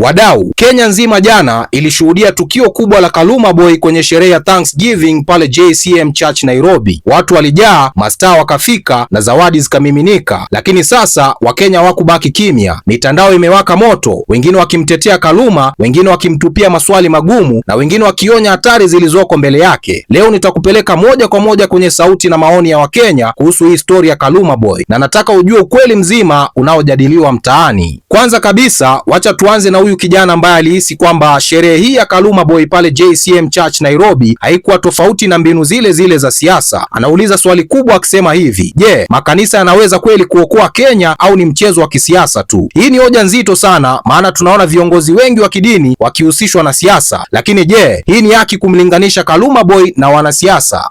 Wadau, Kenya nzima jana ilishuhudia tukio kubwa la Kaluma Boy kwenye sherehe ya Thanksgiving pale JCM Church Nairobi. Watu walijaa, mastaa wakafika na zawadi zikamiminika, lakini sasa Wakenya wakubaki kimya. Mitandao imewaka moto, wengine wakimtetea Kaluma, wengine wakimtupia maswali magumu na wengine wakionya hatari zilizoko mbele yake. Leo nitakupeleka moja kwa moja kwenye sauti na maoni ya Wakenya kuhusu hii stori ya Kaluma Boy, na nataka ujue ukweli mzima unaojadiliwa mtaani. Kwanza kabisa, wacha tuanze na huyu huyu kijana ambaye alihisi kwamba sherehe hii ya Kaluma Boy pale JCM Church Nairobi haikuwa tofauti na mbinu zile zile za siasa. Anauliza swali kubwa akisema hivi, je, yeah, makanisa yanaweza kweli kuokoa Kenya au ni mchezo wa kisiasa tu? Hii ni hoja nzito sana, maana tunaona viongozi wengi wa kidini wakihusishwa na siasa, lakini je, yeah, hii ni haki kumlinganisha Kaluma Boy na wanasiasa?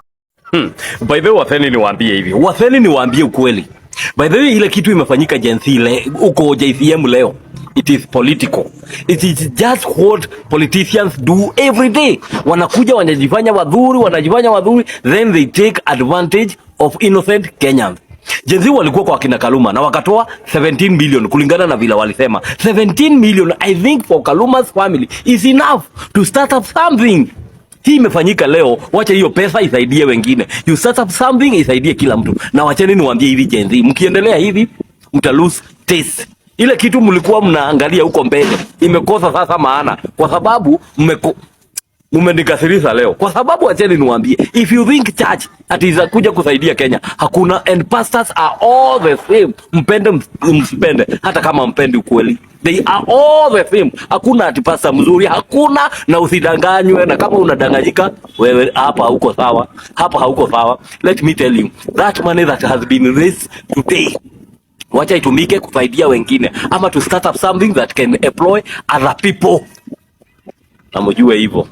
Hmm. By the way, watheni niwaambie hivi, watheni niwaambie ukweli. By the way, ile kitu imefanyika jensi ile uko JCM leo it is political. It is just what politicians do every day. Wanakuja wanajifanya wadhuri, wanajifanya wadhuri, then they take advantage of innocent Kenyans. Jezi walikuwa kwa kina Kaluma na wakatoa 17 million kulingana na vile walisema. 17 million I think for Kaluma's family is enough to start up something. Hii imefanyika leo, wacha hiyo pesa isaidie wengine. You start up something isaidie kila mtu. Na wacheni niwaambie hivi Jezi, mkiendelea hivi mtalose taste. Ile kitu mlikuwa mnaangalia huko mbele imekosa sasa maana, kwa sababu mmeko mmenikasirisha leo. Kwa sababu acheni niwaambie, if you think church atiza kuja kusaidia Kenya, hakuna and pastors are all the same, mpende msipende, hata kama mpende ukweli, they are all the same. Hakuna ati pasta mzuri, hakuna na usidanganywe, na kama unadanganyika wewe, hapa hauko sawa, hapa hauko sawa. Let me tell you that money that has been raised today wacha itumike kusaidia wengine, ama to start up something that can employ other people, na mjue hivyo.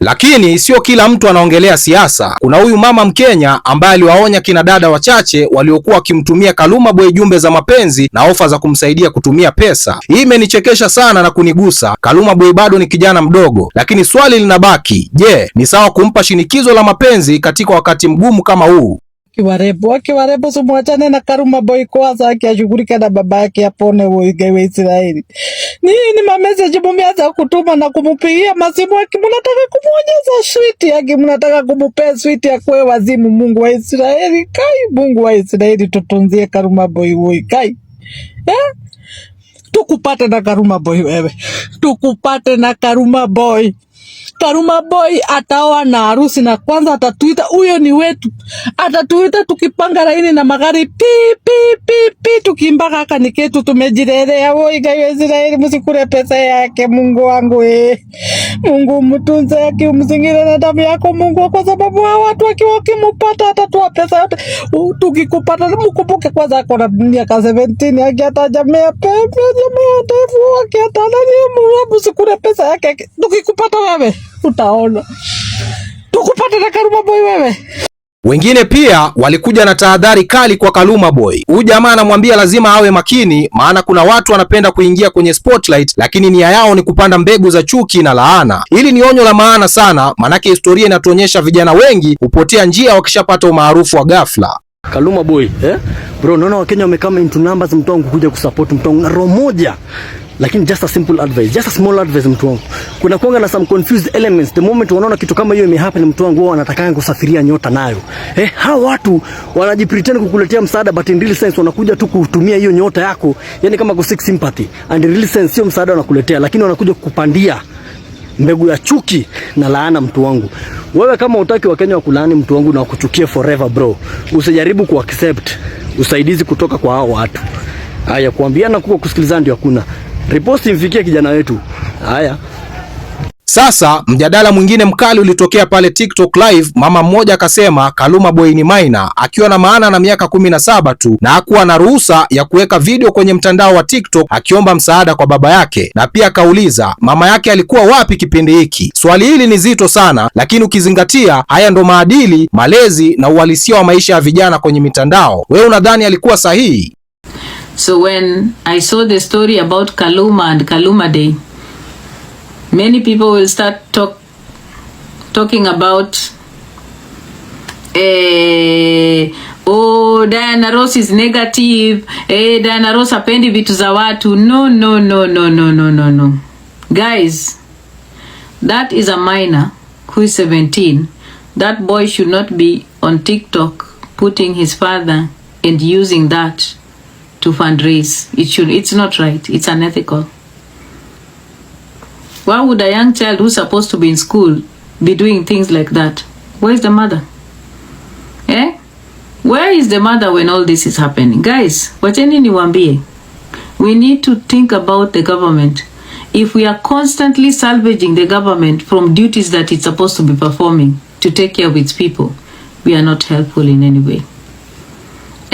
Lakini sio kila mtu anaongelea siasa. Kuna huyu mama Mkenya ambaye aliwaonya kina dada wachache waliokuwa wakimtumia Kaluma Boy jumbe za mapenzi na ofa za kumsaidia kutumia pesa. Hii imenichekesha sana na kunigusa. Kaluma Boy bado ni kijana mdogo, lakini swali linabaki, je, ni sawa kumpa shinikizo la mapenzi katika wakati mgumu kama huu? kiwarebo akiwarebu sumwachane na Karuma Boy kwanza, akiashughulika na baba yake apone woige wa Israeli. Nini mameseji mumeanza kutuma na kumupigia masimu, aki mnataka kumuonyesha switi, aki mnataka kumupea switi ya kwe wazimu. Mungu wa Israeli kai, Mungu wa Israeli tutunzie Karuma Boy woi kai eh? Tukupate na Karuma Boy wewe, tukupate na Karuma Boy. Karuma boy ataoa na harusi, na kwanza atatuita. Huyo ni wetu, atatuita tukipanga laini na magari pi pi pi pi, tukimbaka haka ni ketu, tumejirelea boy gayo Israeli, msikule pesa yake. Mungu wangu eh, Mungu mtunze yake, umzingire na damu yako Mungu, kwa sababu hao watu wakiwa kimupata atatoa pesa yote. Tukikupata mkumbuke kwanza, ako na miaka 17 akiata jamii pepe, jamii ndefu akiata nani, Mungu msikule pesa yake, tukikupata wewe utaona tukupate na Karuma Boy wewe. Wengine pia walikuja na tahadhari kali kwa kaluma Boy. Huyu jamaa anamwambia lazima awe makini, maana kuna watu wanapenda kuingia kwenye spotlight, lakini nia yao ni kupanda mbegu za chuki na laana. Hili ni onyo la maana sana, maanake historia inatuonyesha vijana wengi hupotea njia wakishapata umaarufu wa ghafla. Kaluma Boy eh? Bro, naona Wakenya wamekaa into numbers, mtongo kuja kusupport mtongo na roho moja lakini just a simple advice, just a small advice mtu wangu. Kuna kuanga na some confused elements. The moment wanaona kitu kama hiyo imehappen mtu wangu wao wanataka kusafiria nyota nayo. Eh, hao watu wanajipretend kukuletea msaada but in real sense wanakuja tu kutumia hiyo nyota yako. yani kama ku sympathy. And in real sense sio msaada wanakuletea lakini wanakuja kukupandia mbegu ya chuki na laana mtu wangu. Wewe kama utaki wa Kenya wakulaani mtu wangu na wakuchukie forever bro. Usijaribu ku accept usaidizi kutoka kwa hao watu. Haya kuambiana kuko kusikilizana ndio hakuna. Riposti mfikie kijana wetu. Haya. Sasa mjadala mwingine mkali ulitokea pale TikTok live. Mama mmoja akasema Kaluma Boy ni minor, akiwa na maana na miaka kumi na saba tu na hakuwa na ruhusa ya kuweka video kwenye mtandao wa TikTok, akiomba msaada kwa baba yake, na pia akauliza mama yake alikuwa wapi kipindi hiki. Swali hili ni zito sana, lakini ukizingatia haya ndo maadili, malezi na uhalisia wa maisha ya vijana kwenye mitandao, wewe unadhani alikuwa sahihi? So when I saw the story about Kaluma and Kaluma Day, many people will start talk, talking about eh, oh, Diana Ross is negative eh, Diana Ross hapendi vitu za watu. No, no, no, no, no, no, no, no. Guys, that is a minor who is 17. That boy should not be on TikTok putting his father and using that to fundraise. It should, it's not right. It's unethical. Why would a young child who's supposed to be in school be doing things like that? where is the mother? Eh? Where is the mother when all this is happening? Guys, wacheni niwaambie. We need to think about the government. If we are constantly salvaging the government from duties that it's supposed to be performing to take care of its people, we are not helpful in any way.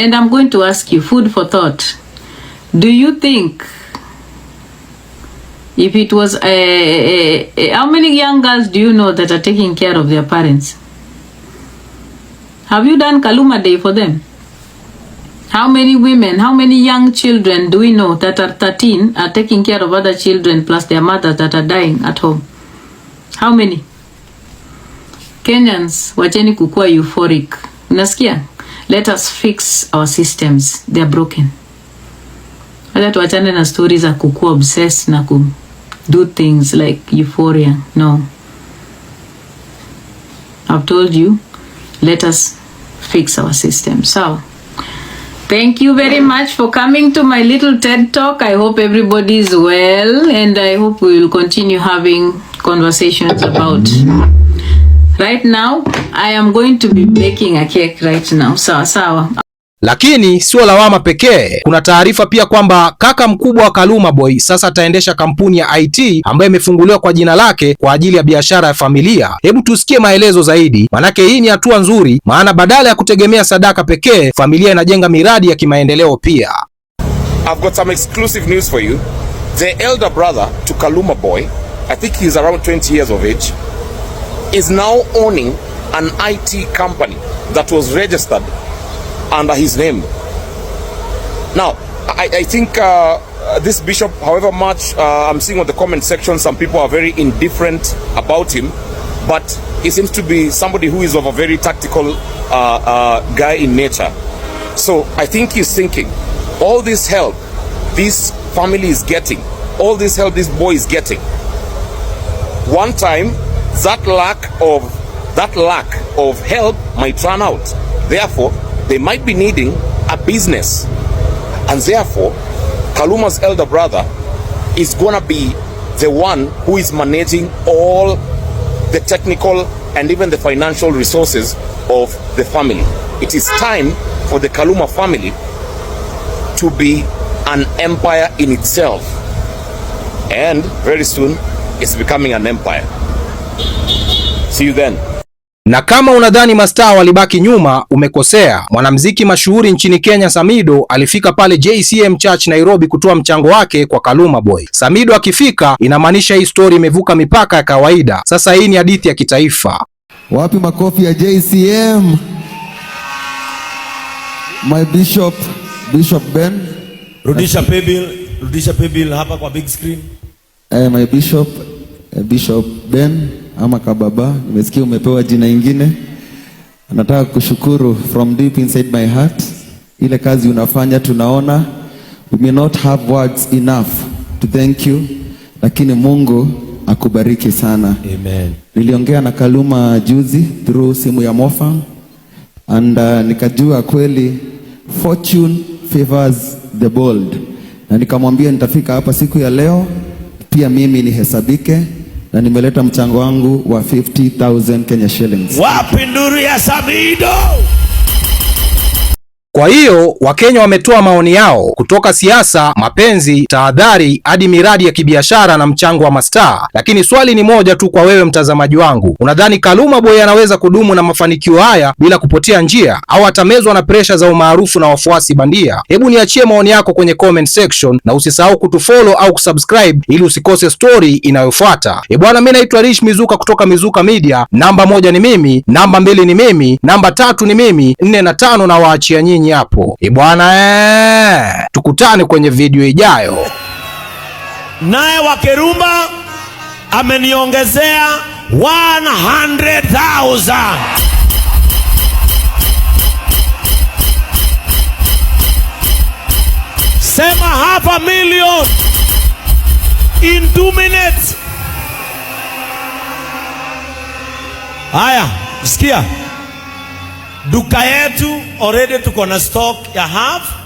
And I'm going to ask you food for thought. Do you think if it was a, a, a, how many young girls do you know that are taking care of their parents? Have you done Kaluma Day for them? How many women, how many young children do we know that are 13 are taking care of other children plus their mothers that are dying at home? How many? Kenyans, wacheni kukua euphoric. Unasikia? Let us fix our systems. They are broken. Hata tuachane na stori za kukuwa obsessed na ku do things like euphoria. No. I've told you, let us fix our system. So, thank you very much for coming to my little TED Talk. I hope everybody is well and I hope we will continue having conversations about Right now I am going to be baking a cake right now. Sawa sawa. Lakini sio lawama pekee. Kuna taarifa pia kwamba kaka mkubwa wa Kaluma Boy sasa ataendesha kampuni ya IT ambayo imefunguliwa kwa jina lake kwa ajili ya biashara ya familia. Hebu tusikie maelezo zaidi, manake hii ni hatua nzuri, maana badala ya kutegemea sadaka pekee, familia inajenga miradi ya kimaendeleo pia. I've got some exclusive news for you. The elder brother to Kaluma Boy, I think he's around 20 years of age. is now owning an IT company that was registered under his name. Now, I, I think uh, this bishop, however much uh, I'm seeing on the comment section, some people are very indifferent about him, but he seems to be somebody who is of a very tactical uh, uh guy in nature. So I think he's thinking, all this help this family is getting, all this help this boy is getting, one time that lack of that lack of help might run out therefore they might be needing a business and therefore Kaluma's elder brother is gonna be the one who is managing all the technical and even the financial resources of the family it is time for the Kaluma family to be an empire in itself and very soon it's becoming an empire See you then. Na kama unadhani mastaa walibaki nyuma, umekosea. Mwanamuziki mashuhuri nchini Kenya Samido alifika pale JCM Church Nairobi kutoa mchango wake kwa Kaluma Boy. Samido akifika, inamaanisha hii story imevuka mipaka ya kawaida. Sasa hii ni hadithi ya kitaifa. Wapi makofi ya JCM? My Bishop, Bishop Ben. Rudisha pebil, rudisha pebil hapa kwa big screen. Eh, my Bishop, eh, Bishop Ben ama kababa, nimesikia umepewa jina ingine. Nataka kushukuru from deep inside my heart, ile kazi unafanya tunaona, we may not have words enough to thank you, lakini Mungu akubariki sana. Amen. Niliongea na Kaluma juzi through simu ya Mofa and uh, nikajua kweli fortune favors the bold, na nikamwambia nitafika hapa siku ya leo pia mimi nihesabike na nimeleta mchango wangu wa 50000 Kenya shillings. Wapi nduru ya Sabido? Kwa hiyo Wakenya wametoa maoni yao kutoka siasa, mapenzi, tahadhari hadi miradi ya kibiashara na mchango wa mastaa. Lakini swali ni moja tu kwa wewe mtazamaji wangu, unadhani Kaluma Boy anaweza kudumu na mafanikio haya bila kupotea njia au atamezwa na presha za umaarufu na wafuasi bandia? Hebu niachie maoni yako kwenye comment section na usisahau kutufollow au kusubscribe ili usikose stori inayofuata. E bwana, mimi naitwa Rich Mizuka kutoka Mizuka Media. Namba moja ni mimi, namba mbili ni mimi, namba tatu ni mimi, nne na tano na waachia nyinyi nyinyi hapo ibwana e ee. Tukutane kwenye video ijayo. Naye wakerumba ameniongezea 100,000 sema hapa in minutes. Haya, sikia duka yetu already tuko na stock ya half